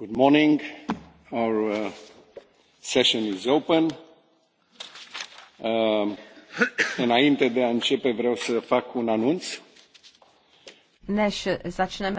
Good morning. Our uh, session is open. Uh, înainte de a începe, vreau să fac un anunț. Než začneme